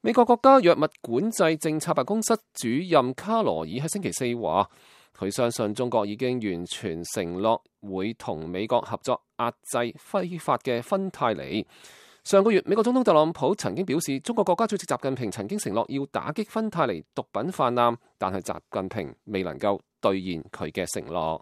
美國國家藥物管制政策辦公室主任卡羅爾喺星期四話，佢相信中國已經完全承諾會同美國合作壓制非法嘅芬太尼。上個月，美國總統特朗普曾經表示，中國國家主席習近平曾經承諾要打擊芬太尼毒品氾濫，但係習近平未能夠兌現佢嘅承諾。